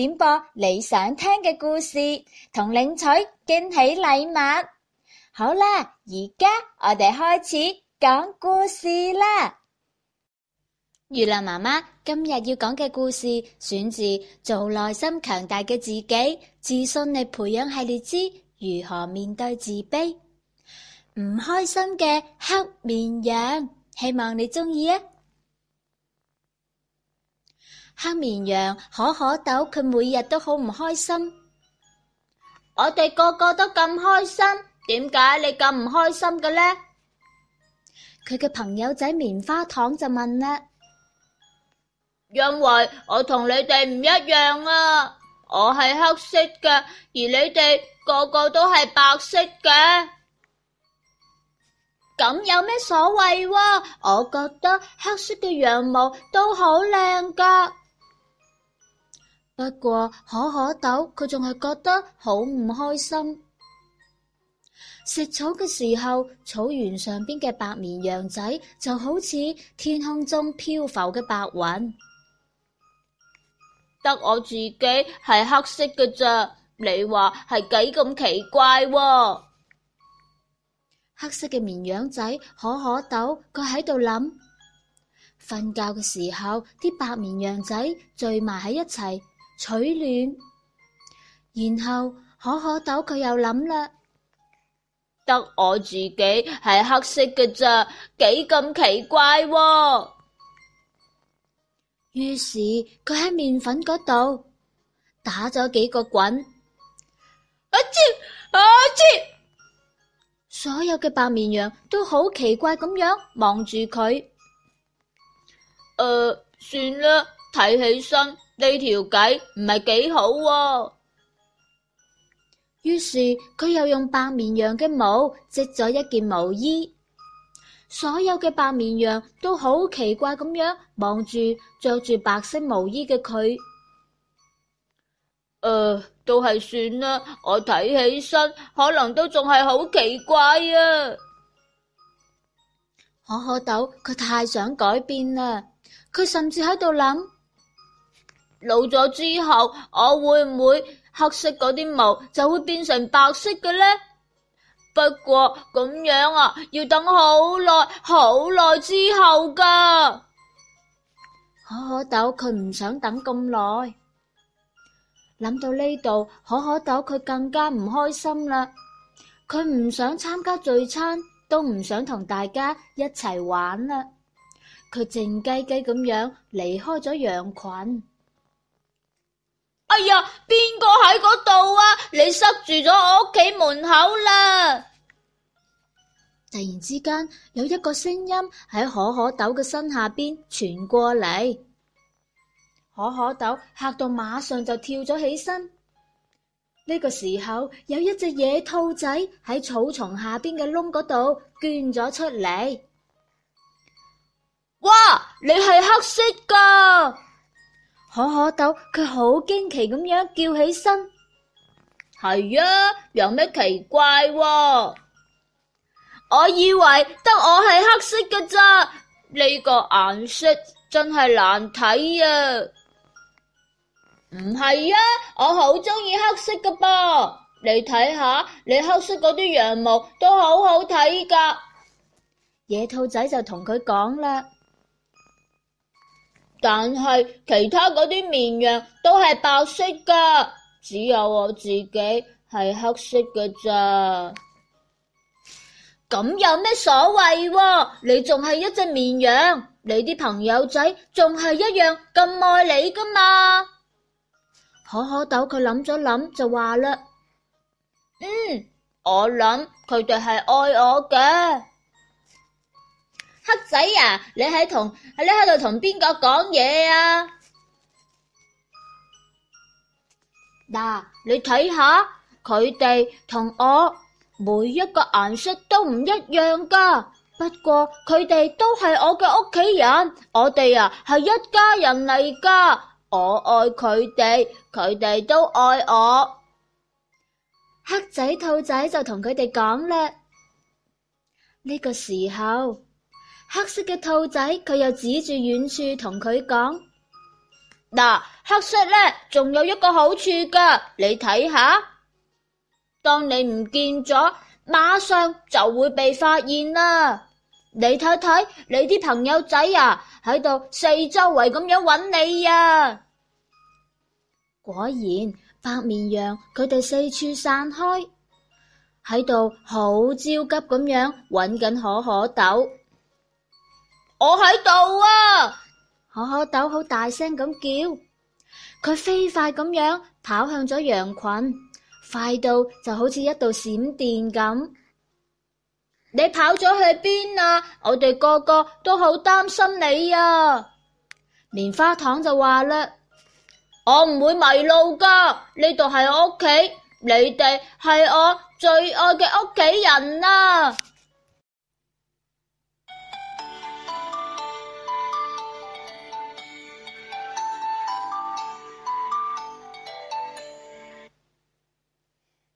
點播你想聽嘅故事。黑綿羊可可豆佢每日都好唔開心。我哋個個都咁開心，點解你咁唔開心嘅呢？佢嘅朋友仔棉花糖就問啦：因為我同你哋唔一樣啊，我係黑色嘅，而你哋個個都係白色嘅。咁有咩所謂啊？我覺得黑色嘅羊毛都好靚噶。不過可可豆佢仲係覺得好唔開心。食草嘅時候，草原上邊嘅白綿羊仔就好似天空中漂浮嘅白雲。得我自己係黑色嘅咋，你話係幾咁奇怪喎？黑色嘅綿羊仔可可豆佢喺度諗。瞓覺嘅時候，啲白綿羊仔聚埋喺一齊，取暖，然後可可豆佢又諗啦，得我自己係黑色嘅咋，幾咁奇怪喎。於是佢喺麵粉嗰度打咗幾個滾，啊知，啊知。所有嘅白綿羊都好奇怪咁樣望住佢。呃，算啦，睇起身。呢條計唔係幾好，於是佢又用白綿羊嘅毛織咗一件毛衣。所有嘅白綿羊都好奇怪咁樣望住着住白色毛衣嘅佢。呃，都係算啦，我睇起身可能都仲係好奇怪啊！可可豆，佢太想改變啦，佢甚至喺度諗。老咗之後，我會唔會黑色嗰啲毛就會變成白色嘅呢？不過咁樣啊，要等好耐，好耐之後噶。可可豆，佢唔想等咁耐。諗到呢度，可可豆佢更加唔開心啦。佢唔想參加聚餐，都唔想同大家一齊玩啦。佢靜雞雞咁樣離開咗羊群。哎呀，邊個喺嗰度啊？你塞住咗我屋企門口啦！突然之間，有一個聲音喺可可豆嘅身下邊傳過嚟，可可豆嚇到馬上就跳咗起身。呢個時候，有一隻野兔仔喺草叢下邊嘅窿嗰度捐咗出嚟。哇，你係黑色噶！可可豆佢好驚奇咁樣叫起身，係啊，有咩奇怪喎？我以為得我係黑色嘅咋，呢個顏色真係難睇啊！唔係啊，我好中意黑色噶噃，你睇下你黑色嗰啲羊毛都好好睇噶。野兔仔就同佢講啦。但係其他嗰啲綿羊都係白色噶，只有我自己係黑色嘅咋。咁有咩所謂啊？你仲係一隻綿羊，你啲朋友仔仲係一樣咁愛你噶嘛？可可豆佢諗咗諗就話啦：嗯，我諗佢哋係愛我嘅。黑仔呀、啊，你喺同，在你喺度同邊個講嘢啊？嗱、啊，你睇下，佢哋同我每一個顏色都唔一樣噶。不過佢哋都係我嘅屋企人，我哋啊係一家人嚟噶。我愛佢哋，佢哋都愛我。黑仔兔仔就同佢哋講啦，呢、這個時候。黑色嘅兔仔，佢又指住遠處同佢講：嗱，黑色咧，仲有一個好處噶，你睇下，當你唔見咗，馬上就會被發現啦。你睇睇，你啲朋友仔啊，喺度四周圍咁樣揾你啊。果然，白綿羊佢哋四處散開，喺度好焦急咁樣揾緊可可豆。我喺度啊！可可豆好大聲咁叫，佢飛快咁樣跑向咗羊群，快到就好似一道閃電咁。你跑咗去邊啊？我哋個個都好擔心你啊！棉花糖就話啦：我唔會迷路噶，呢度係我屋企，你哋係我最愛嘅屋企人啊！